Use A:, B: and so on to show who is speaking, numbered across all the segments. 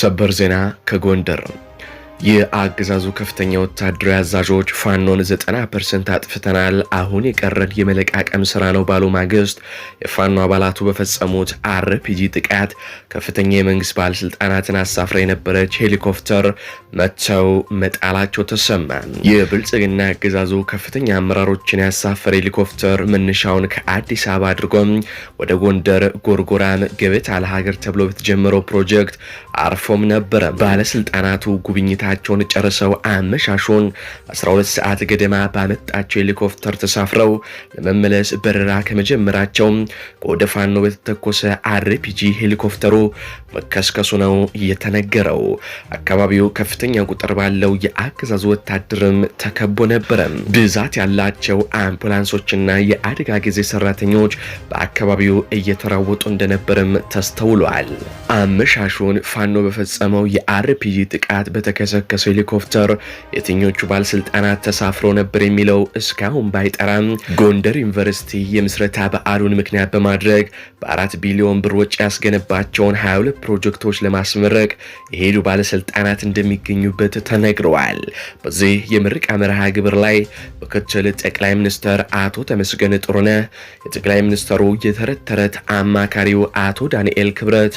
A: ሰበር ዜና ከጎንደር የአገዛዙ ከፍተኛ ወታደራዊ አዛዦች ፋኖን 90 ፐርሰንት አጥፍተናል፣ አሁን የቀረን የመለቃቀም ስራ ነው ባሉ ማግስት የፋኖ አባላቱ በፈጸሙት አርፒጂ ጥቃት ከፍተኛ የመንግስት ባለስልጣናትን አሳፍራ የነበረች ሄሊኮፕተር መጥተው መጣላቸው ተሰማ። የብልጽግና አገዛዙ ከፍተኛ አመራሮችን ያሳፈረ ሄሊኮፕተር መነሻውን ከአዲስ አበባ አድርጎም ወደ ጎንደር ጎርጎራም ገበታ ለሀገር ተብሎ በተጀመረው ፕሮጀክት አርፎም ነበረ። ባለስልጣናቱ ጉብኝታ ቆይታቸውን ጨርሰው አመሻሹን 12 ሰዓት ገደማ ባመጣቸው ሄሊኮፕተር ተሳፍረው ለመመለስ በረራ ከመጀመራቸው ከወደ ፋኖ በተተኮሰ አርፒጂ ሄሊኮፕተሩ መከስከሱ ነው የተነገረው። አካባቢው ከፍተኛ ቁጥር ባለው የአገዛዙ ወታደርም ተከቦ ነበረ። ብዛት ያላቸው አምቡላንሶችና የአደጋ ጊዜ ሰራተኞች በአካባቢው እየተራወጡ እንደነበርም ተስተውሏል። አመሻሹን ፋኖ በፈጸመው የአርፒጂ ጥቃት በተከሰ የተከሰከሰው ሄሊኮፕተር የትኞቹ ባለስልጣናት ተሳፍሮ ነበር የሚለው እስካሁን ባይጠራም ጎንደር ዩኒቨርሲቲ የምስረታ በዓሉን ምክንያት በማድረግ በአራት ቢሊዮን ብር ወጪ ያስገነባቸውን 22 ፕሮጀክቶች ለማስመረቅ የሄዱ ባለስልጣናት እንደሚገኙበት ተነግረዋል። በዚህ የምርቃ መርሃ ግብር ላይ ምክትል ጠቅላይ ሚኒስትር አቶ ተመስገን ጥሩነህ፣ የጠቅላይ ሚኒስትሩ የተረት ተረት አማካሪው አቶ ዳንኤል ክብረት፣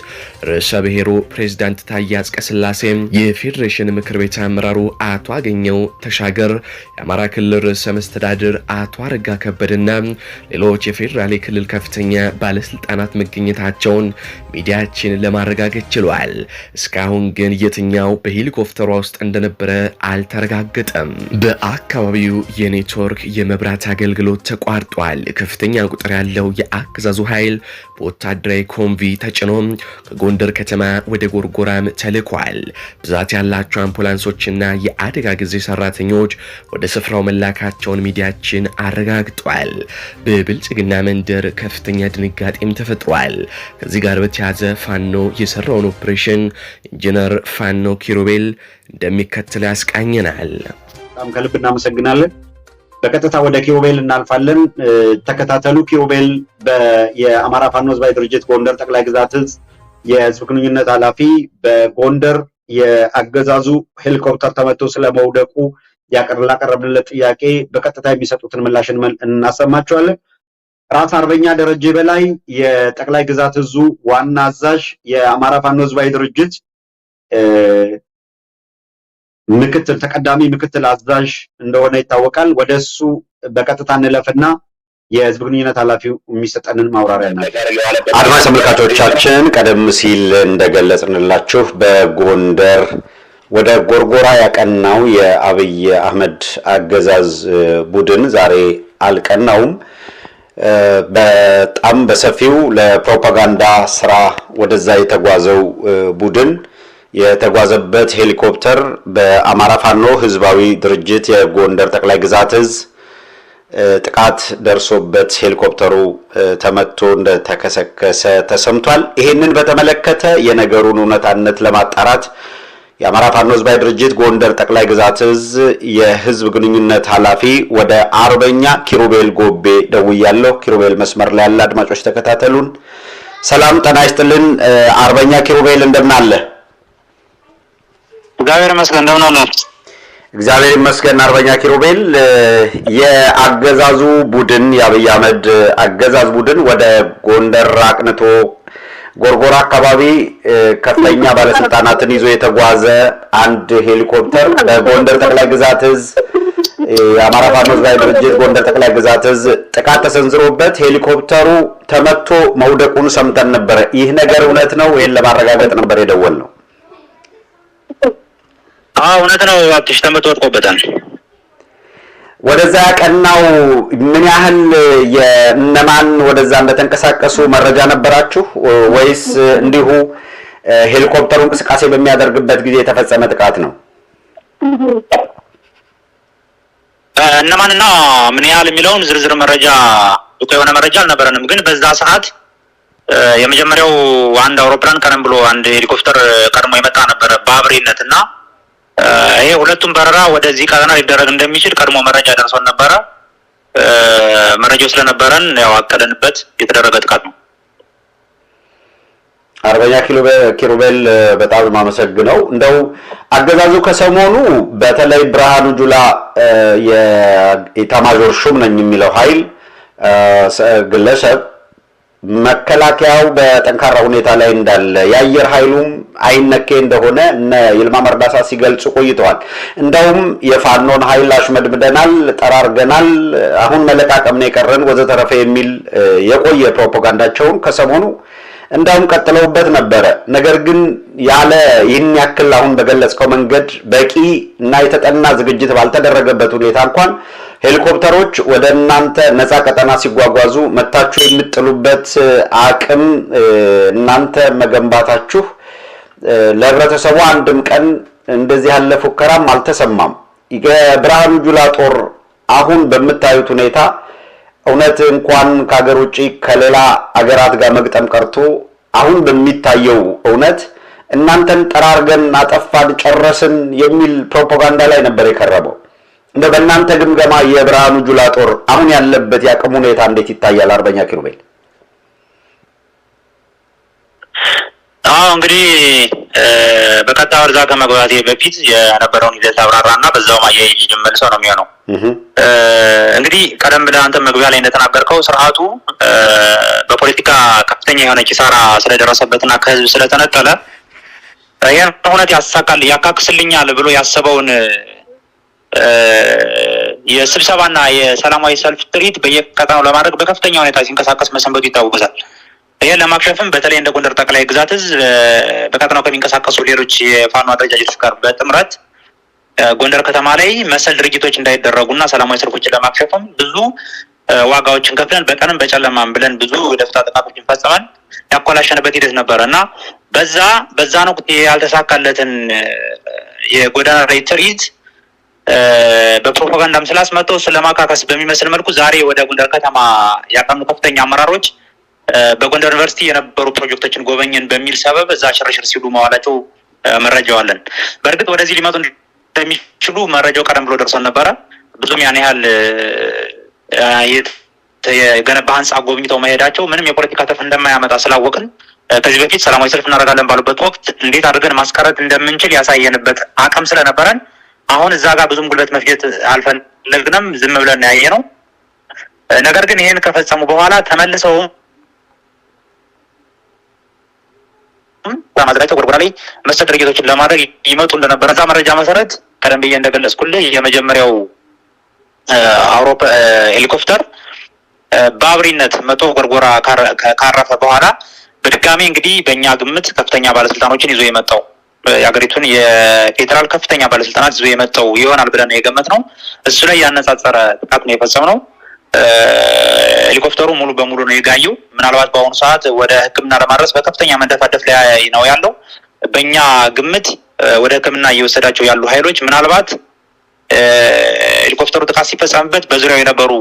A: ርዕሰ ብሔሩ ፕሬዚዳንት ታዬ አጽቀሥላሴ፣ የፌዴሬሽን ምክር ምክር ቤት አመራሩ አቶ አገኘው ተሻገር፣ የአማራ ክልል ርዕሰ መስተዳድር አቶ አረጋ ከበድና ሌሎች የፌዴራል ክልል ከፍተኛ ባለስልጣናት መገኘታቸውን ሚዲያችን ለማረጋገጥ ችሏል። እስካሁን ግን የትኛው በሄሊኮፕተሯ ውስጥ እንደነበረ አልተረጋገጠም። በአካባቢው የኔትወርክ የመብራት አገልግሎት ተቋርጧል። ከፍተኛ ቁጥር ያለው የአገዛዙ ኃይል በወታደራዊ ኮንቪ ተጭኖ ከጎንደር ከተማ ወደ ጎርጎራም ተልኳል። ብዛት ያላቸው አምቡላንሶችና የአደጋ ጊዜ ሰራተኞች ወደ ስፍራው መላካቸውን ሚዲያችን አረጋግጧል። በብልጽግና መንደር ከፍተኛ ድንጋጤም ተፈጥሯል። ከዚህ ጋር በተያ የተያዘ ፋኖ የሰራውን ኦፕሬሽን ኢንጂነር ፋኖ ኪሩቤል እንደሚከተለው ያስቃኘናል።
B: በጣም ከልብ እናመሰግናለን። በቀጥታ ወደ ኪሩቤል እናልፋለን። ተከታተሉ። ኪሩቤል የአማራ ፋኖ ህዝባዊ ድርጅት ጎንደር ጠቅላይ ግዛት እዝ የህዝብ ግንኙነት ኃላፊ በጎንደር የአገዛዙ ሄሊኮፕተር ተመቶ ስለመውደቁ ላቀረብንለት ጥያቄ በቀጥታ የሚሰጡትን ምላሽ እናሰማቸዋለን። ራስ አርበኛ ደረጀ በላይ የጠቅላይ ግዛት እዙ ዋና አዛዥ፣ የአማራ ፋኖ ህዝባዊ ድርጅት ምክትል ተቀዳሚ ምክትል አዛዥ እንደሆነ ይታወቃል። ወደ እሱ በቀጥታ እንለፍና የህዝብ ግንኙነት ኃላፊው የሚሰጠንን ማብራሪያ ነው።
C: አድማጭ ተመልካቾቻችን ቀደም ሲል እንደገለጽንላችሁ በጎንደር ወደ ጎርጎራ ያቀናው የአብይ አህመድ አገዛዝ ቡድን ዛሬ አልቀናውም። በጣም በሰፊው ለፕሮፓጋንዳ ስራ ወደዛ የተጓዘው ቡድን የተጓዘበት ሄሊኮፕተር በአማራ ፋኖ ህዝባዊ ድርጅት የጎንደር ጠቅላይ ግዛት እዝ ጥቃት ደርሶበት ሄሊኮፕተሩ ተመቶ እንደተከሰከሰ ተሰምቷል። ይህንን በተመለከተ የነገሩን እውነታነት ለማጣራት የአማራ ፋኖ ህዝባዊ ድርጅት ጎንደር ጠቅላይ ግዛት እዝ የህዝብ ግንኙነት ኃላፊ ወደ አርበኛ ኪሩቤል ጎቤ ደውያለሁ። ኪሩቤል መስመር ላይ ያለ አድማጮች ተከታተሉን። ሰላም ጤና ይስጥልን አርበኛ ኪሩቤል እንደምን አለ? እግዚአብሔር ይመስገን እንደምን አለ? እግዚአብሔር ይመስገን አርበኛ ኪሩቤል፣ የአገዛዙ ቡድን የአብይ አህመድ አገዛዝ ቡድን ወደ ጎንደር አቅንቶ ጎርጎራ አካባቢ ከፍተኛ ባለስልጣናትን ይዞ የተጓዘ አንድ ሄሊኮፕተር በጎንደር ጠቅላይ ግዛት እዝ የአማራ ፋኖ ሕዝባዊ ድርጅት ጎንደር ጠቅላይ ግዛት እዝ ጥቃት ተሰንዝሮበት ሄሊኮፕተሩ ተመቶ መውደቁን ሰምተን ነበረ። ይህ ነገር እውነት ነው? ይህን ለማረጋገጥ ነበር የደወል ነው።
B: አዎ እውነት ነው። አብትሽ ተመቶ ወድቆበታል።
C: ወደዛ ቀናው ምን ያህል የእነማን ወደዛ እንደተንቀሳቀሱ መረጃ ነበራችሁ ወይስ እንዲሁ ሄሊኮፕተሩ እንቅስቃሴ በሚያደርግበት ጊዜ የተፈጸመ ጥቃት ነው?
B: እነማንና ምን ያህል የሚለውን ዝርዝር መረጃ ብቁ የሆነ መረጃ አልነበረንም። ግን በዛ ሰዓት የመጀመሪያው አንድ አውሮፕላን ቀደም ብሎ አንድ ሄሊኮፕተር ቀድሞ የመጣ ነበረ በአብሬነት እና ይሄ ሁለቱም በረራ ወደዚህ ቀጠና ሊደረግ እንደሚችል ቀድሞ መረጃ ደርሶን ነበረ። መረጃው ስለነበረን ያው አቀደንበት የተደረገ ጥቃት ነው።
C: አርበኛ ኪሩቤል በጣም የማመሰግነው እንደው አገዛዙ ከሰሞኑ በተለይ ብርሃኑ ጁላ የኢታማዦር ሹም ነኝ የሚለው ኃይል ግለሰብ መከላከያው በጠንካራ ሁኔታ ላይ እንዳለ የአየር ኃይሉም አይነኬ እንደሆነ እነ ይልማ መርዳሳ ሲገልጹ ቆይተዋል። እንደውም የፋኖን ኃይል አሽመድምደናል፣ ጠራርገናል፣ አሁን መለቃቀም ነው የቀረን ወዘተረፈ የሚል የቆየ ፕሮፓጋንዳቸውን ከሰሞኑ እንደውም ቀጥለውበት ነበረ። ነገር ግን ያለ ይህን ያክል አሁን በገለጽከው መንገድ በቂ እና የተጠና ዝግጅት ባልተደረገበት ሁኔታ እንኳን ሄሊኮፕተሮች ወደ እናንተ ነፃ ቀጠና ሲጓጓዙ መታችሁ የምጥሉበት አቅም እናንተ መገንባታችሁ ለህብረተሰቡ አንድም ቀን እንደዚህ ያለ ፉከራም አልተሰማም። የብርሃኑ ጁላ ጦር አሁን በምታዩት ሁኔታ እውነት እንኳን ከሀገር ውጭ ከሌላ አገራት ጋር መግጠም ቀርቶ አሁን በሚታየው እውነት እናንተን ጠራርገን አጠፋን፣ ጨረስን የሚል ፕሮፓጋንዳ ላይ ነበር የቀረበው እንደ በእናንተ ግምገማ የብርሃኑ ጁላ ጦር አሁን ያለበት የአቅም ሁኔታ እንዴት ይታያል? አርበኛ ኪሩቤል
B: አዎ እንግዲህ በቀጥታ ወደዛ ከመግባቴ በፊት የነበረውን ሂደት አብራራ እና በዛውም አያይዤ ልመልሰው ነው የሚሆነው። እንግዲህ ቀደም ብለህ አንተ መግቢያ ላይ እንደተናገርከው ስርዓቱ በፖለቲካ ከፍተኛ የሆነ ኪሳራ ስለደረሰበትና ከህዝብ ስለተነጠለ ይህን እውነት ያሳካል ያካክስልኛል ብሎ ያሰበውን የስብሰባና የሰላማዊ ሰልፍ ጥሪት በየቀጠናው ለማድረግ በከፍተኛ ሁኔታ ሲንቀሳቀስ መሰንበቱ ይታወሳል። ይህን ለማክሸፍም በተለይ እንደ ጎንደር ጠቅላይ ግዛት እዝ በቀጠናው ከሚንቀሳቀሱ ሌሎች የፋኖ አደረጃጀቶች ጋር በጥምረት ጎንደር ከተማ ላይ መሰል ድርጊቶች እንዳይደረጉና ሰላማዊ ሰልፎችን ለማክሸፍም ብዙ ዋጋዎችን ከፍለን በቀንም በጨለማም ብለን ብዙ ደፍታ ጥቃቶችን ፈጽመን ያኮላሸንበት ሂደት ነበረ እና በዛ በዛን ወቅት ያልተሳካለትን የጎዳና ላይ ትርኢት በፕሮፓጋንዳም ስላስመጠው ስለማካከስ በሚመስል መልኩ ዛሬ ወደ ጎንደር ከተማ ያቀኑ ከፍተኛ አመራሮች በጎንደር ዩኒቨርሲቲ የነበሩ ፕሮጀክቶችን ጎበኘን በሚል ሰበብ እዛ ሽርሽር ሲሉ መዋላቸው መረጃው አለን። በእርግጥ ወደዚህ ሊመጡ እንደሚችሉ መረጃው ቀደም ብሎ ደርሶን ነበረ። ብዙም ያን ያህል የገነባ ህንፃ ጎብኝተው መሄዳቸው ምንም የፖለቲካ ትርፍ እንደማያመጣ ስላወቅን ከዚህ በፊት ሰላማዊ ሰልፍ እናደርጋለን ባሉበት ወቅት እንዴት አድርገን ማስቀረት እንደምንችል ያሳየንበት አቅም ስለነበረን አሁን እዛ ጋር ብዙም ጉልበት መፍጀት አልፈለግንም። ዝም ብለን ያየ ነው። ነገር ግን ይህን ከፈጸሙ በኋላ ተመልሰውም በማድረግ ጎርጎራ ላይ መሰል ድርጊቶችን ለማድረግ ይመጡ እንደነበረ እዛ መረጃ መሰረት ቀደም ብዬ እንደገለጽኩልህ የመጀመሪያው አውሮፓ ሄሊኮፕተር በአብሪነት መጦ ጎርጎራ ካረፈ በኋላ በድጋሚ እንግዲህ በእኛ ግምት ከፍተኛ ባለስልጣኖችን ይዞ የመጣው የሀገሪቱን የፌዴራል ከፍተኛ ባለስልጣናት ይዞ የመጣው ይሆናል ብለን የገመት ነው። እሱ ላይ ያነጻጸረ ጥቃት ነው የፈጸም ነው። ሄሊኮፕተሩ ሙሉ በሙሉ ነው የጋየው። ምናልባት በአሁኑ ሰዓት ወደ ሕክምና ለማድረስ በከፍተኛ መንደፋደፍ ላይ ነው ያለው። በእኛ ግምት ወደ ሕክምና እየወሰዳቸው ያሉ ኃይሎች ምናልባት ሄሊኮፕተሩ ጥቃት ሲፈጸምበት በዙሪያው የነበሩ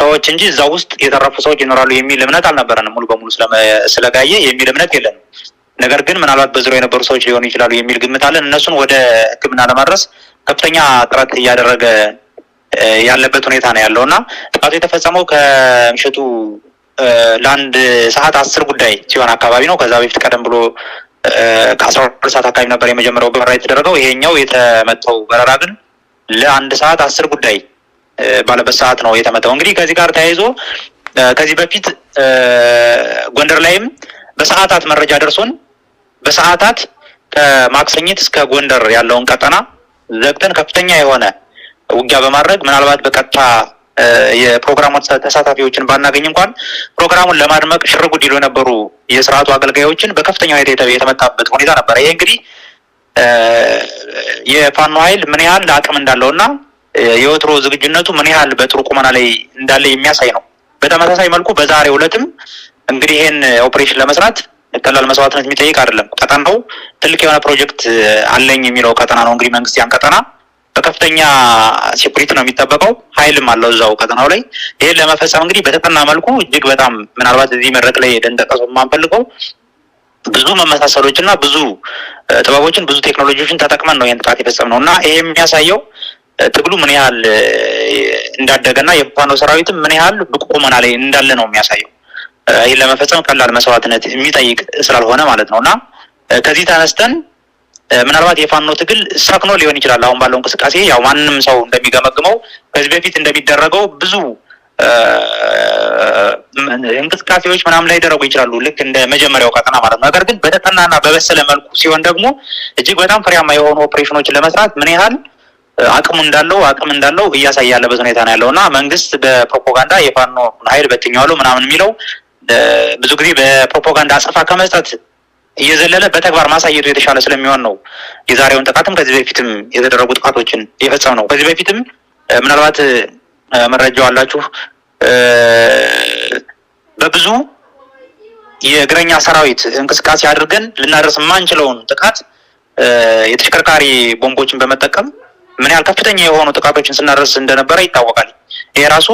B: ሰዎች እንጂ እዛ ውስጥ የተረፉ ሰዎች ይኖራሉ የሚል እምነት አልነበረንም። ሙሉ በሙሉ ስለጋየ የሚል እምነት የለንም። ነገር ግን ምናልባት በዙሪያው የነበሩ ሰዎች ሊሆኑ ይችላሉ የሚል ግምት አለን። እነሱን ወደ ሕክምና ለማድረስ ከፍተኛ ጥረት እያደረገ ያለበት ሁኔታ ነው ያለው እና ጥቃቱ የተፈጸመው ከምሽቱ ለአንድ ሰዓት አስር ጉዳይ ሲሆን አካባቢ ነው። ከዛ በፊት ቀደም ብሎ ከአስራ ሁለት ሰዓት አካባቢ ነበር የመጀመሪያው በረራ የተደረገው። ይሄኛው የተመታው በረራ ግን ለአንድ ሰዓት አስር ጉዳይ ባለበት ሰዓት ነው የተመታው። እንግዲህ ከዚህ ጋር ተያይዞ ከዚህ በፊት ጎንደር ላይም በሰዓታት መረጃ ደርሶን በሰዓታት ከማክሰኝት እስከ ጎንደር ያለውን ቀጠና ዘግተን ከፍተኛ የሆነ ውጊያ በማድረግ ምናልባት በቀጥታ የፕሮግራሙ ተሳታፊዎችን ባናገኝ እንኳን ፕሮግራሙን ለማድመቅ ሽርጉድ ይሉ የነበሩ የስርዓቱ አገልጋዮችን በከፍተኛ ሁኔታ የተመታበት ሁኔታ ነበረ። ይሄ እንግዲህ የፋኖ ኃይል ምን ያህል አቅም እንዳለው እና የወትሮ ዝግጁነቱ ምን ያህል በጥሩ ቁመና ላይ እንዳለ የሚያሳይ ነው። በተመሳሳይ መልኩ በዛሬው ዕለትም እንግዲህ ይሄን ኦፕሬሽን ለመስራት ቀላል መስዋዕትነት የሚጠይቅ አይደለም። ቀጠናው ትልቅ የሆነ ፕሮጀክት አለኝ የሚለው ቀጠና ነው። እንግዲህ መንግስት ያን ቀጠና በከፍተኛ ሴኩሪቲ ነው የሚጠበቀው፣ ኃይልም አለው እዛው ቀጠናው ላይ። ይህን ለመፈጸም እንግዲህ በተጠና መልኩ እጅግ በጣም ምናልባት እዚህ መድረክ ላይ ደንጠቀሱ የማንፈልገው ብዙ መመሳሰሎች እና ብዙ ጥበቦችን ብዙ ቴክኖሎጂዎችን ተጠቅመን ነው ይህን ጥቃት የፈጸም ነው እና ይሄ የሚያሳየው ትግሉ ምን ያህል እንዳደገና የፋኖ ሰራዊትም ምን ያህል ብቁ ቁመና ላይ እንዳለ ነው የሚያሳየው። ይህን ለመፈጸም ቀላል መስዋዕትነት የሚጠይቅ ስላልሆነ ማለት ነው እና ከዚህ ተነስተን ምናልባት የፋኖ ትግል ሰክኖ ሊሆን ይችላል። አሁን ባለው እንቅስቃሴ ያው ማንም ሰው እንደሚገመግመው ከዚህ በፊት እንደሚደረገው ብዙ እንቅስቃሴዎች ምናምን ላይ ደረጉ ይችላሉ፣ ልክ እንደ መጀመሪያው ቀጠና ማለት ነው። ነገር ግን በተጠናና በበሰለ መልኩ ሲሆን ደግሞ እጅግ በጣም ፍሬያማ የሆኑ ኦፕሬሽኖችን ለመስራት ምን ያህል አቅሙ እንዳለው አቅም እንዳለው እያሳየ ያለበት ሁኔታ ነው ያለው እና መንግስት በፕሮፓጋንዳ የፋኖ ኃይል በትኛዋሉ ምናምን የሚለው ብዙ ጊዜ በፕሮፓጋንዳ አጸፋ ከመስጠት እየዘለለ በተግባር ማሳየቱ የተሻለ ስለሚሆን ነው የዛሬውን ጥቃትም ከዚህ በፊትም የተደረጉ ጥቃቶችን የፈጸም ነው። ከዚህ በፊትም ምናልባት መረጃው አላችሁ በብዙ የእግረኛ ሰራዊት እንቅስቃሴ አድርገን ልናደርስ የማንችለውን ጥቃት የተሽከርካሪ ቦምቦችን በመጠቀም ምን ያህል ከፍተኛ የሆኑ ጥቃቶችን ስናደርስ እንደነበረ ይታወቃል። ይሄ ራሱ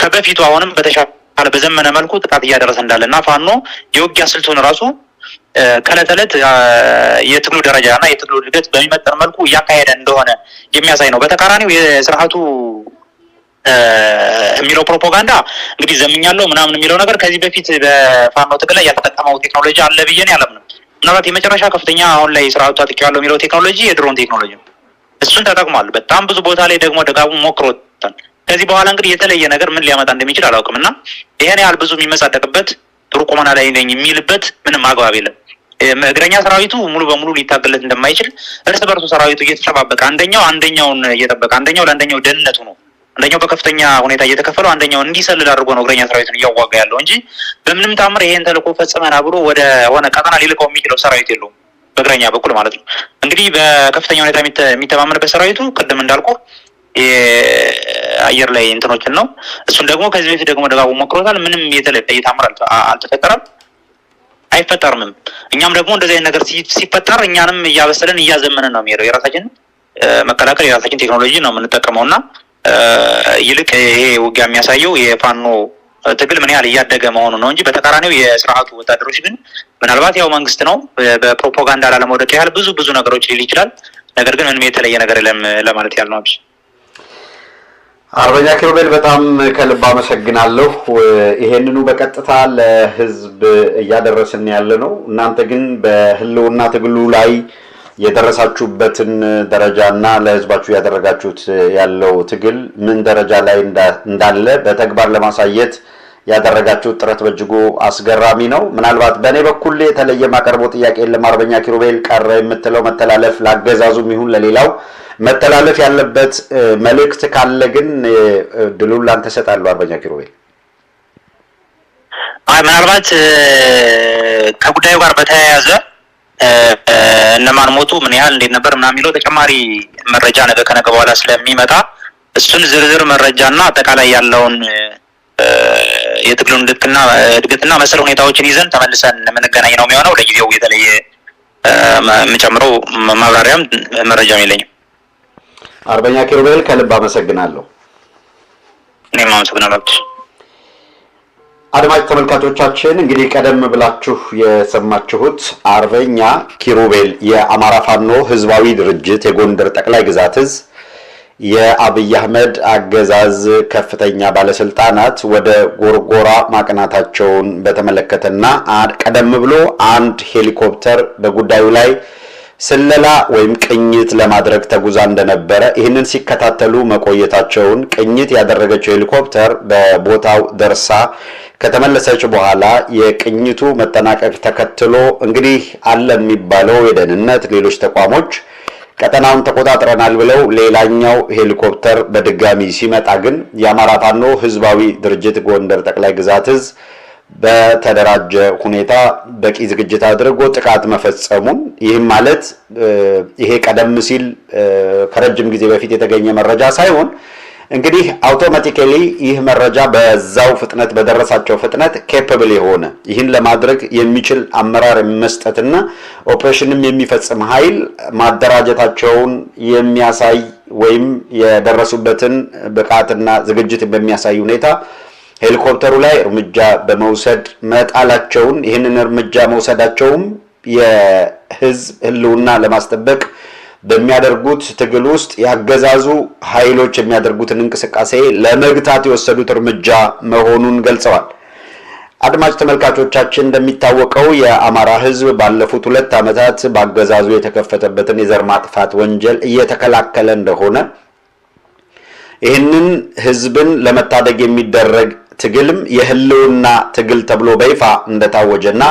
B: ከበፊቱ አሁንም በተሻለ በዘመነ መልኩ ጥቃት እያደረሰ እንዳለ እና ፋኖ የውጊያ ስልቱን ራሱ ከእለት ለት የትግሉ ደረጃ እና የትግሉ እድገት በሚመጠን መልኩ እያካሄደ እንደሆነ የሚያሳይ ነው። በተቃራኒው የስርዓቱ የሚለው ፕሮፓጋንዳ እንግዲህ ዘምኛለሁ ምናምን የሚለው ነገር ከዚህ በፊት በፋኖ ትግል ላይ ያልተጠቀመው ቴክኖሎጂ አለ ያለም ነው ምናልባት የመጨረሻ ከፍተኛ አሁን ላይ ስርዓቱ ታጥቄዋለሁ የሚለው ቴክኖሎጂ የድሮን ቴክኖሎጂ ነው። እሱን ተጠቅሟል። በጣም ብዙ ቦታ ላይ ደግሞ ደጋቡ ሞክሮታል። ከዚህ በኋላ እንግዲህ የተለየ ነገር ምን ሊያመጣ እንደሚችል አላውቅም እና ይሄን ያህል ብዙ የሚመጻደቅበት ጥሩ ቁመና ላይ ነኝ የሚልበት ምንም አግባብ የለም። እግረኛ ሰራዊቱ ሙሉ በሙሉ ሊታገለት እንደማይችል እርስ በርሱ ሰራዊቱ እየተጨባበቀ አንደኛው አንደኛውን እየጠበቀ አንደኛው ለአንደኛው ደህንነቱ ነው። አንደኛው በከፍተኛ ሁኔታ እየተከፈለው አንደኛው እንዲሰልል አድርጎ ነው እግረኛ ሰራዊቱን እያዋጋ ያለው እንጂ በምንም ታምር ይሄን ተልዕኮ ፈጽመና ብሎ ወደ ሆነ ቀጠና ሊልቀው የሚችለው ሰራዊት የለውም። በእግረኛ በኩል ማለት ነው። እንግዲህ በከፍተኛ ሁኔታ የሚተማመንበት ሰራዊቱ ቅድም እንዳልኩ የአየር ላይ እንትኖችን ነው። እሱን ደግሞ ከዚህ በፊት ደግሞ ደጋቡ ሞክሮታል። ምንም የተለየ ታምር አልተፈጠረም። አይፈጠርምም። እኛም ደግሞ እንደዚህ አይነት ነገር ሲፈጠር እኛንም እያበሰለን እያዘመንን ነው የሚሄደው። የራሳችን መከላከል የራሳችን ቴክኖሎጂ ነው የምንጠቀመው እና ይልቅ ይሄ ውጊያ የሚያሳየው የፋኖ ትግል ምን ያህል እያደገ መሆኑ ነው እንጂ በተቃራኒው የስርዓቱ ወታደሮች ግን ምናልባት ያው መንግስት ነው በፕሮፓጋንዳ ላለመውደቅ ያህል ብዙ ብዙ ነገሮች ሊል ይችላል። ነገር ግን ምንም የተለየ ነገር የለም ለማለት ያህል ነው።
C: አርበኛ ኪሩቤል በጣም ከልብ አመሰግናለሁ። ይሄንኑ በቀጥታ ለህዝብ እያደረስን ያለ ነው። እናንተ ግን በህልውና ትግሉ ላይ የደረሳችሁበትን ደረጃ እና ለህዝባችሁ ያደረጋችሁት ያለው ትግል ምን ደረጃ ላይ እንዳለ በተግባር ለማሳየት ያደረጋችሁት ጥረት በእጅጉ አስገራሚ ነው። ምናልባት በእኔ በኩል የተለየ ማቀርቦ ጥያቄ የለም። አርበኛ ኪሩቤል ቀረ የምትለው መተላለፍ ለአገዛዙም ይሁን ለሌላው መተላለፍ ያለበት መልእክት ካለ ግን ድሉን ላንተ እሰጣለሁ። አርበኛ ኪሩቤል
B: ምናልባት ከጉዳዩ ጋር በተያያዘ እነማን ሞቱ፣ ምን ያህል፣ እንዴት ነበር ምናምን የሚለው ተጨማሪ መረጃ ነገ ከነገ በኋላ ስለሚመጣ እሱን ዝርዝር መረጃና አጠቃላይ ያለውን የትግሉን ልክና እድገትና መሰል ሁኔታዎችን ይዘን ተመልሰን የምንገናኝ ነው የሚሆነው። ለጊዜው የተለየ የምጨምረው ማብራሪያም መረጃም የለኝም።
C: አርበኛ ኪሩቤል ከልብ አመሰግናለሁ።
B: እኔም አመሰግናለሁ።
C: አድማጭ ተመልካቾቻችን እንግዲህ ቀደም ብላችሁ የሰማችሁት አርበኛ ኪሩቤል የአማራ ፋኖ ህዝባዊ ድርጅት የጎንደር ጠቅላይ ግዛት እዝ የአብይ አህመድ አገዛዝ ከፍተኛ ባለስልጣናት ወደ ጎርጎራ ማቅናታቸውን በተመለከተና ቀደም ብሎ አንድ ሄሊኮፕተር በጉዳዩ ላይ ስለላ ወይም ቅኝት ለማድረግ ተጉዛ እንደነበረ ይህንን ሲከታተሉ መቆየታቸውን ቅኝት ያደረገችው ሄሊኮፕተር በቦታው ደርሳ ከተመለሰች በኋላ የቅኝቱ መጠናቀቅ ተከትሎ እንግዲህ አለ የሚባለው የደህንነት ሌሎች ተቋሞች ቀጠናውን ተቆጣጥረናል ብለው ሌላኛው ሄሊኮፕተር በድጋሚ ሲመጣ ግን የአማራ ፋኖ ህዝባዊ ድርጅት ጎንደር ጠቅላይ ግዛት በተደራጀ ሁኔታ በቂ ዝግጅት አድርጎ ጥቃት መፈጸሙን ይህም ማለት ይሄ ቀደም ሲል ከረጅም ጊዜ በፊት የተገኘ መረጃ ሳይሆን እንግዲህ አውቶማቲካሊ ይህ መረጃ በዛው ፍጥነት በደረሳቸው ፍጥነት ኬፐብል የሆነ ይህን ለማድረግ የሚችል አመራር መስጠትና ኦፕሬሽንም የሚፈጽም ኃይል ማደራጀታቸውን የሚያሳይ ወይም የደረሱበትን ብቃትና ዝግጅት በሚያሳይ ሁኔታ ሄሊኮፕተሩ ላይ እርምጃ በመውሰድ መጣላቸውን ይህንን እርምጃ መውሰዳቸውም የህዝብ ህልውና ለማስጠበቅ በሚያደርጉት ትግል ውስጥ ያገዛዙ ኃይሎች የሚያደርጉትን እንቅስቃሴ ለመግታት የወሰዱት እርምጃ መሆኑን ገልጸዋል። አድማጭ ተመልካቾቻችን፣ እንደሚታወቀው የአማራ ህዝብ ባለፉት ሁለት ዓመታት በአገዛዙ የተከፈተበትን የዘር ማጥፋት ወንጀል እየተከላከለ እንደሆነ ይህንን ህዝብን ለመታደግ የሚደረግ ትግልም የህልውና ትግል ተብሎ በይፋ እንደታወጀና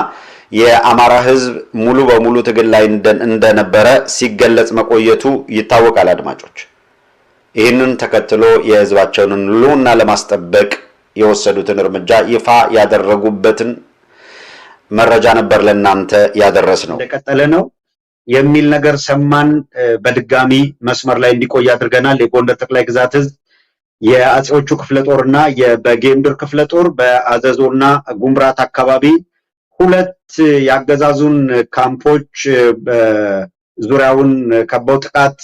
C: የአማራ ህዝብ ሙሉ በሙሉ ትግል ላይ እንደነበረ ሲገለጽ መቆየቱ ይታወቃል። አድማጮች ይህንን ተከትሎ የህዝባቸውን ህልውና ለማስጠበቅ የወሰዱትን እርምጃ ይፋ ያደረጉበትን መረጃ ነበር ለእናንተ ያደረስ ነው።
B: እንደቀጠለ ነው የሚል ነገር ሰማን። በድጋሚ መስመር ላይ እንዲቆይ አድርገናል። የጎንደር ጠቅላይ ግዛት ህዝብ የአጼዎቹ ክፍለ ጦርና የበጌምድር ክፍለ ጦር በአዘዞና ጉምራት አካባቢ ሁለት የአገዛዙን ካምፖች ዙሪያውን ከበው ጥቃት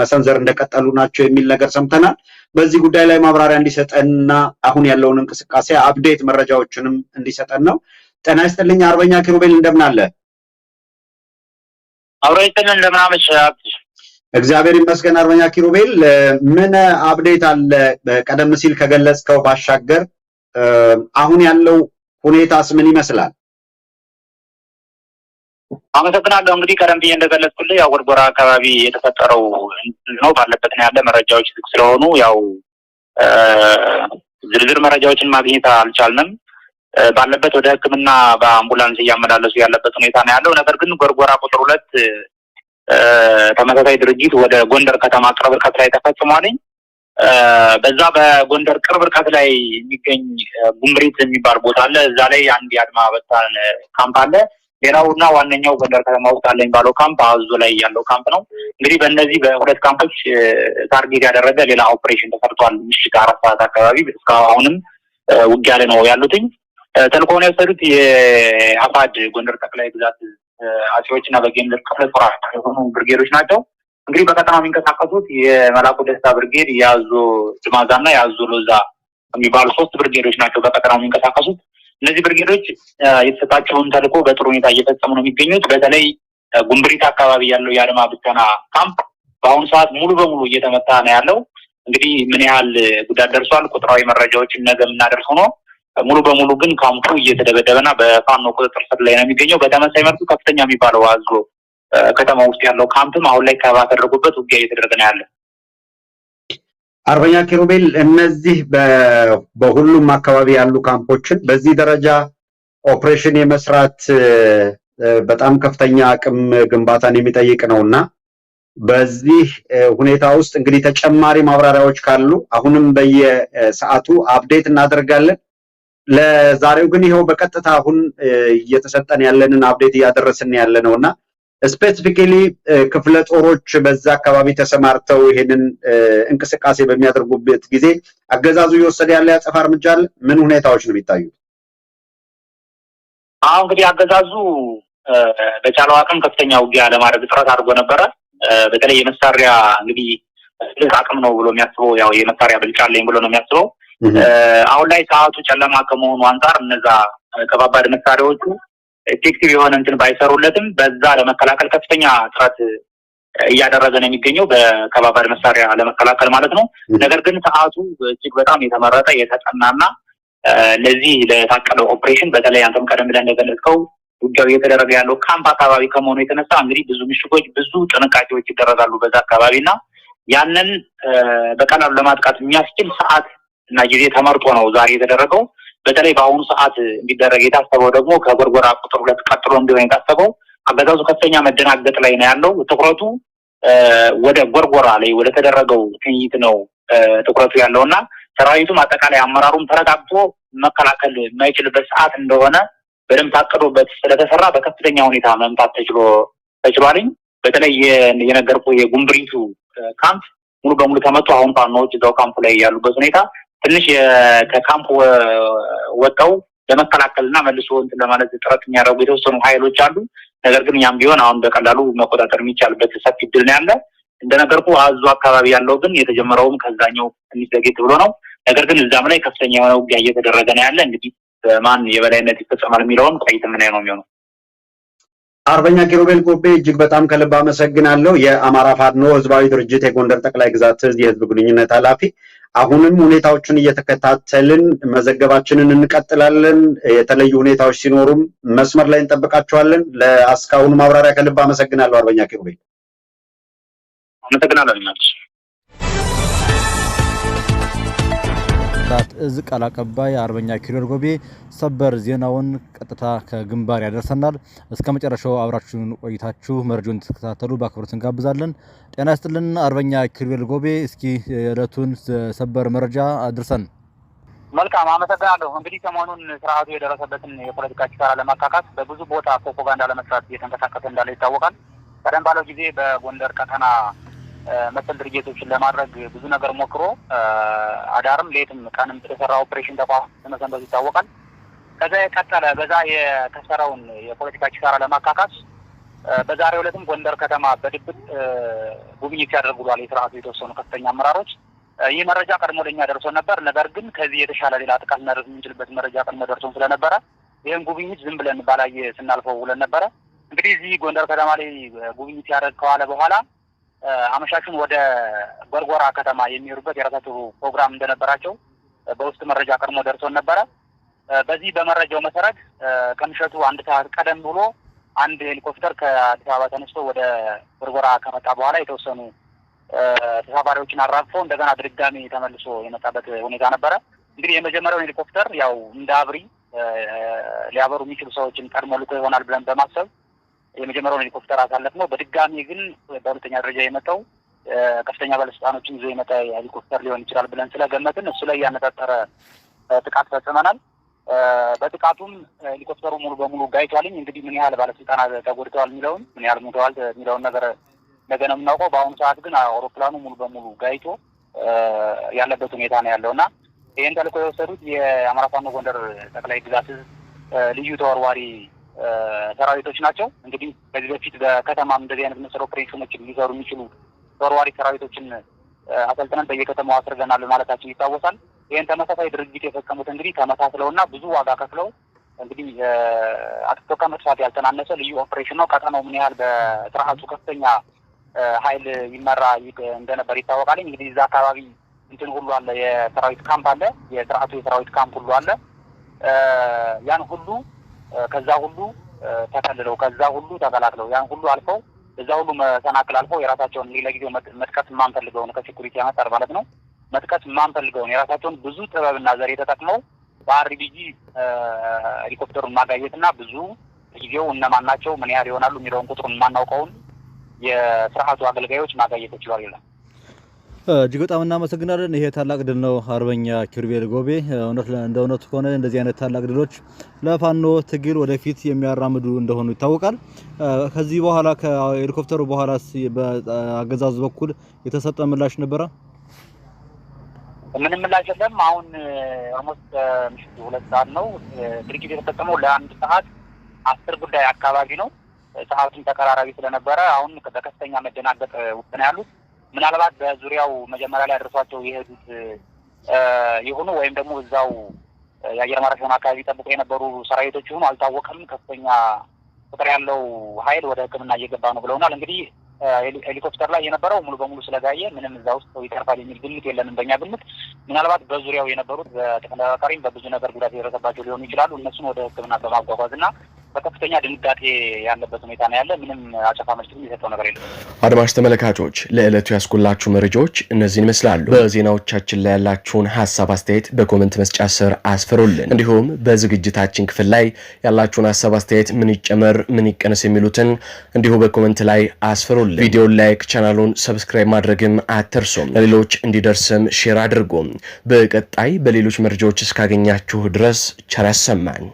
B: መሰንዘር እንደቀጠሉ ናቸው የሚል ነገር ሰምተናል። በዚህ ጉዳይ ላይ ማብራሪያ እንዲሰጠንና አሁን ያለውን እንቅስቃሴ አፕዴት መረጃዎችንም እንዲሰጠን ነው። ጤና ይስጥልኝ አርበኛ ኪሩቤል እንደምን አለ? አብሮ ይስጥልን እንደምን አመሽ
C: እግዚአብሔር ይመስገን። አርበኛ ኪሩቤል ምን አብዴት አለ? ቀደም ሲል ከገለጽከው ባሻገር አሁን ያለው ሁኔታስ ምን ይመስላል?
B: አመሰግናለሁ። እንግዲህ ቀደም ብዬ እንደገለጽኩልህ ያው ጎርጎራ አካባቢ የተፈጠረው ነው ባለበት ነው ያለ መረጃዎች ዝግ ስለሆኑ ያው ዝርዝር መረጃዎችን ማግኘት አልቻልንም። ባለበት ወደ ሕክምና በአምቡላንስ እያመላለሱ ያለበት ሁኔታ ነው ያለው። ነገር ግን ጎርጎራ ቁጥር ሁለት ተመሳሳይ ድርጊት ወደ ጎንደር ከተማ ቅርብ ርቀት ላይ ተፈጽሟልኝ። በዛ በጎንደር ቅርብ ርቀት ላይ የሚገኝ ጉምሪት የሚባል ቦታ አለ። እዛ ላይ አንድ የአድማ በታን ካምፕ አለ። ሌላው እና ዋነኛው ጎንደር ከተማ ውስጥ አለ የሚባለው ካምፕ አዞ ላይ ያለው ካምፕ ነው። እንግዲህ በእነዚህ በሁለት ካምፖች ታርጌት ያደረገ ሌላ ኦፕሬሽን ተሰርቷል። ምሽት አራት ሰዓት አካባቢ እስካሁንም ውጊያ ላይ ነው ያሉትኝ። ተልኮውን የወሰዱት የአፋድ ጎንደር ጠቅላይ ግዛት አጼዎች እና በጌምድር ክፍለ ጦር የሆኑ ብርጌዶች ናቸው። እንግዲህ በቀጠናው የሚንቀሳቀሱት የመላኩ ደስታ ብርጌድ፣ የአዞ ድማዛ እና የአዞ ሎዛ የሚባሉ ሶስት ብርጌዶች ናቸው በቀጠና የሚንቀሳቀሱት። እነዚህ ብርጌዶች የተሰጣቸውን ተልዕኮ በጥሩ ሁኔታ እየፈጸሙ ነው የሚገኙት። በተለይ ጉንብሪት አካባቢ ያለው የአድማ ብተና ካምፕ በአሁኑ ሰዓት ሙሉ በሙሉ እየተመታ ነው ያለው። እንግዲህ ምን ያህል ጉዳት ደርሷል ቁጥራዊ መረጃዎችን ነገ የምናደርስ ሆኖ ሙሉ በሙሉ ግን ካምፑ እየተደበደበና በፋኖ ቁጥጥር ስር ላይ ነው የሚገኘው። በተመሳይ መልኩ ከፍተኛ የሚባለው አዞ ከተማ ውስጥ ያለው ካምፕም አሁን ላይ ከባ ውጊያ እየተደረገ ነው ያለ።
C: አርበኛ ኪሩቤል፣ እነዚህ በሁሉም አካባቢ ያሉ ካምፖችን በዚህ ደረጃ ኦፕሬሽን የመስራት በጣም ከፍተኛ አቅም ግንባታን የሚጠይቅ ነው እና በዚህ ሁኔታ ውስጥ እንግዲህ ተጨማሪ ማብራሪያዎች ካሉ አሁንም በየሰዓቱ አፕዴት እናደርጋለን። ለዛሬው ግን ይኸው በቀጥታ አሁን እየተሰጠን ያለንን አብዴት እያደረስን ያለ ነው እና ስፔሲፊካሊ ክፍለ ጦሮች በዛ አካባቢ ተሰማርተው ይሄንን እንቅስቃሴ በሚያደርጉበት ጊዜ አገዛዙ እየወሰደ ያለ ያጸፋ እርምጃ አለ። ምን ሁኔታዎች ነው የሚታዩት?
B: አሁን እንግዲህ አገዛዙ በቻለው አቅም ከፍተኛ ውጊያ ለማድረግ ጥረት አድርጎ ነበረ። በተለይ የመሳሪያ እንግዲህ ትልቅ አቅም ነው ብሎ የሚያስበው ያው የመሳሪያ ብልጫ አለኝ ብሎ ነው የሚያስበው አሁን ላይ ሰዓቱ ጨለማ ከመሆኑ አንጻር እነዛ ከባባድ መሳሪያዎቹ ኤፌክቲቭ የሆነ እንትን ባይሰሩለትም በዛ ለመከላከል ከፍተኛ ጥረት እያደረገ ነው የሚገኘው በከባባድ መሳሪያ ለመከላከል ማለት ነው። ነገር ግን ሰዓቱ እጅግ በጣም የተመረጠ የተጠናና ለዚህ ለታቀደው ኦፕሬሽን በተለይ አንተም ቀደም ብለ እንደገለጽከው ውጊያው እየተደረገ ያለው ካምፕ አካባቢ ከመሆኑ የተነሳ እንግዲህ ብዙ ምሽጎች፣ ብዙ ጥንቃቄዎች ይደረጋሉ በዛ አካባቢ እና ያንን በቀላሉ ለማጥቃት የሚያስችል ሰዓት እና ጊዜ ተመርጦ ነው ዛሬ የተደረገው። በተለይ በአሁኑ ሰዓት እንዲደረግ የታሰበው ደግሞ ከጎርጎራ ቁጥር ሁለት ቀጥሎ እንዲሆን የታሰበው አገዛዙ ከፍተኛ መደናገጥ ላይ ነው ያለው። ትኩረቱ ወደ ጎርጎራ ላይ ወደ ተደረገው ትይት ነው ትኩረቱ ያለው እና ሰራዊቱም አጠቃላይ አመራሩም ተረጋግቶ መከላከል የማይችልበት ሰዓት እንደሆነ በደንብ ታቅዶበት ስለተሰራ በከፍተኛ ሁኔታ መምጣት ተችሎ ተችሏልኝ። በተለይ የነገርኩ የጉምብሪቱ ካምፕ ሙሉ በሙሉ ተመቶ አሁን ፋኖዎች እዛው ካምፕ ላይ ያሉበት ሁኔታ ትንሽ ከካምፕ ወጠው ለመከላከል እና መልሶ እንትን ለማለት ጥረት የሚያደርጉ የተወሰኑ ሀይሎች አሉ። ነገር ግን እኛም ቢሆን አሁን በቀላሉ መቆጣጠር የሚቻልበት ሰፊ ድል ነው ያለ። እንደነገርኩ አዙ አካባቢ ያለው ግን የተጀመረውም ከዛኛው ትንሽ ብሎ ነው። ነገር ግን እዛም ላይ ከፍተኛ የሆነ ውጊያ እየተደረገ ነው ያለ። እንግዲህ በማን የበላይነት ይፈጸማል የሚለውን ቆይት ምን ነው የሚሆነው።
C: አርበኛ ኪሮቤል ጎቤ እጅግ በጣም ከልብ አመሰግናለሁ። የአማራ ፋድኖ ህዝባዊ ድርጅት የጎንደር ጠቅላይ ግዛት ህዝብ የህዝብ ግንኙነት ኃላፊ አሁንም ሁኔታዎችን እየተከታተልን መዘገባችንን እንቀጥላለን። የተለዩ ሁኔታዎች ሲኖሩም መስመር ላይ እንጠብቃቸዋለን። ለአስካሁኑ ማብራሪያ ከልብ አመሰግናለሁ አርበኛ ኪሩቤል። አመሰግናለሁ። አራት እዝ ቃል አቀባይ አርበኛ ኪሪር ጎቤ ሰበር ዜናውን ቀጥታ ከግንባር ያደርሰናል። እስከ መጨረሻው አብራችሁን ቆይታችሁ መረጃውን ተከታተሉ በአክብሮት እንጋብዛለን። ጤና ይስጥልን አርበኛ ኪሪል ጎቤ፣ እስኪ የዕለቱን ሰበር መረጃ አድርሰን።
B: መልካም አመሰግናለሁ። እንግዲህ ሰሞኑን ስርዓቱ የደረሰበትን የፖለቲካ ኪሳራ ለማካካስ በብዙ ቦታ ፕሮፓጋንዳ ለመስራት እየተንቀሳቀሰ እንዳለ ይታወቃል። ቀደም ባለው ጊዜ በጎንደር ቀጠና መሰል ድርጊቶችን ለማድረግ ብዙ ነገር ሞክሮ አዳርም ሌትም ቀንም የተሰራ ኦፕሬሽን ተቋም መሰንበቱ ይታወቃል። ከዛ የቀጠለ በዛ የተሰራውን የፖለቲካ ኪሳራ ለማካካስ በዛሬ ዕለትም ጎንደር ከተማ በድብቅ ጉብኝት ያደርጉ ብሏል የስርዓቱ የተወሰኑ ከፍተኛ አመራሮች። ይህ መረጃ ቀድሞ ለኛ ደርሶ ነበር። ነገር ግን ከዚህ የተሻለ ሌላ ጥቃት እናደርግ የምንችልበት መረጃ ቀድሞ ደርሶን ስለነበረ ይህን ጉብኝት ዝም ብለን ባላየ ስናልፈው ውለን ነበረ። እንግዲህ እዚህ ጎንደር ከተማ ላይ ጉብኝት ያደረግ ከዋለ በኋላ አመሻሹን ወደ ጎርጎራ ከተማ የሚሄዱበት የራሳቸው ፕሮግራም እንደነበራቸው በውስጥ መረጃ ቀድሞ ደርሶን ነበረ። በዚህ በመረጃው መሰረት ከምሸቱ አንድ ሰዓት ቀደም ብሎ አንድ ሄሊኮፕተር ከአዲስ አበባ ተነስቶ ወደ ጎርጎራ ከመጣ በኋላ የተወሰኑ ተሳፋሪዎችን አራግፎ እንደገና ድጋሚ ተመልሶ የመጣበት ሁኔታ ነበረ። እንግዲህ የመጀመሪያውን ሄሊኮፕተር ያው እንደ አብሪ ሊያበሩ የሚችሉ ሰዎችን ቀድሞ ልኮ ይሆናል ብለን በማሰብ የመጀመሪያውን ሄሊኮፕተር አሳለፍ ነው። በድጋሚ ግን በሁለተኛ ደረጃ የመጣው ከፍተኛ ባለስልጣኖችን ይዞ የመጣ ሄሊኮፕተር ሊሆን ይችላል ብለን ስለገመትን እሱ ላይ ያነጣጠረ ጥቃት ፈጽመናል። በጥቃቱም ሄሊኮፕተሩ ሙሉ በሙሉ ጋይቷልኝ። እንግዲህ ምን ያህል ባለስልጣናት ተጎድተዋል የሚለውን ምን ያህል ሙተዋል የሚለውን ነገር ነገ ነው የምናውቀው። በአሁኑ ሰዓት ግን አውሮፕላኑ ሙሉ በሙሉ ጋይቶ ያለበት ሁኔታ ነው ያለው እና ይህን ተልዕኮ የወሰዱት የአማራ ፋኖ ጎንደር ጠቅላይ ግዛት ልዩ ተወርዋሪ ሰራዊቶች ናቸው። እንግዲህ ከዚህ በፊት በከተማም እንደዚህ አይነት መሰል ኦፕሬሽኖችን ሊሰሩ የሚችሉ ተወርዋሪ ሰራዊቶችን አሰልጥነን በየከተማው አስርገናል ማለታችን ይታወሳል። ይህን ተመሳሳይ ድርጊት የፈጸሙት እንግዲህ ተመሳስለውና ብዙ ዋጋ ከፍለው እንግዲህ አጥፍቶ ከመጥፋት ያልተናነሰ ልዩ ኦፕሬሽን ነው። ቀጠናው ምን ያህል በስርዓቱ ከፍተኛ ኃይል ይመራ እንደነበር ይታወቃል። እንግዲህ እዛ አካባቢ እንትን ሁሉ አለ፣ የሰራዊት ካምፕ አለ፣ የስርዓቱ የሰራዊት ካምፕ ሁሉ አለ። ያን ሁሉ ከዛ ሁሉ ተከልለው ከዛ ሁሉ ተቀላቅለው ያን ሁሉ አልፈው እዛ ሁሉ መሰናክል አልፈው የራሳቸውን ለጊዜው መጥቀስ የማንፈልገውን ከሴኩሪቲ ያመጣል ማለት ነው መጥቀስ የማንፈልገውን የራሳቸውን ብዙ ጥበብና ዘዴ ተጠቅመው በአርቢጂ ሄሊኮፕተሩን ማጋየትና ብዙ ጊዜው እነማን ናቸው ምን ያህል ይሆናሉ የሚለውን ቁጥሩን የማናውቀውን የስርዓቱ አገልጋዮች ማጋየት ተችሏል ይላል።
C: እጅግ በጣም እናመሰግናለን። ይሄ ታላቅ ድል ነው። አርበኛ ኪሩቤል ጎቤ፣ እንደ እውነቱ ከሆነ እንደዚህ አይነት ታላቅ ድሎች ለፋኖ ትግል ወደፊት የሚያራምዱ እንደሆኑ ይታወቃል። ከዚህ በኋላ ከሄሊኮፕተሩ በኋላ በአገዛዝ በኩል የተሰጠ ምላሽ ነበረ?
B: ምንም ምላሽ የለም። አሁን ኦልሞስት ምሽቱ ሁለት ሰዓት ነው። ድርጊት የተፈጸመው ለአንድ ሰዓት አስር ጉዳይ አካባቢ ነው። ሰዓቱን ተቀራራቢ ስለነበረ አሁን በከፍተኛ መደናገጥ ውስጥ ነው ያሉት። ምናልባት በዙሪያው መጀመሪያ ላይ አድርሷቸው የሄዱት የሆኑ ወይም ደግሞ እዛው የአየር ማረፊያ አካባቢ ጠብቆ የነበሩ ሰራዊቶች ሆኑ አልታወቀም። ከፍተኛ ቁጥር ያለው ኃይል ወደ ሕክምና እየገባ ነው ብለውናል። እንግዲህ ሄሊኮፕተር ላይ የነበረው ሙሉ በሙሉ ስለጋየ ምንም እዛ ውስጥ ሰው ይተርፋል የሚል ግምት የለንም። በእኛ ግምት ምናልባት በዙሪያው የነበሩት በተከላካሪም በብዙ ነገር ጉዳት የደረሰባቸው ሊሆኑ ይችላሉ። እነሱን ወደ ሕክምና በማጓጓዝ እና በከፍተኛ ድንጋጤ ያለበት ሁኔታ ነው ያለ። ምንም አጨፋ መች የሰጠው ነገር የለም።
C: አድማሽ ተመልካቾች ለዕለቱ ያስኩላችሁ መረጃዎች እነዚህን ይመስላሉ። በዜናዎቻችን ላይ ያላችሁን ሀሳብ አስተያየት በኮመንት መስጫ ስር አስፍሩልን። እንዲሁም በዝግጅታችን ክፍል ላይ ያላችሁን ሀሳብ አስተያየት፣ ምን ይጨመር፣ ምን ይቀነስ የሚሉትን እንዲሁ በኮመንት ላይ አስፍሩልን። ቪዲዮን ላይክ፣ ቻናሉን ሰብስክራይብ ማድረግም አትርሱም። ለሌሎች እንዲደርስም ሼር አድርጉም። በቀጣይ በሌሎች መረጃዎች እስካገኛችሁ ድረስ ቸር ያሰማን።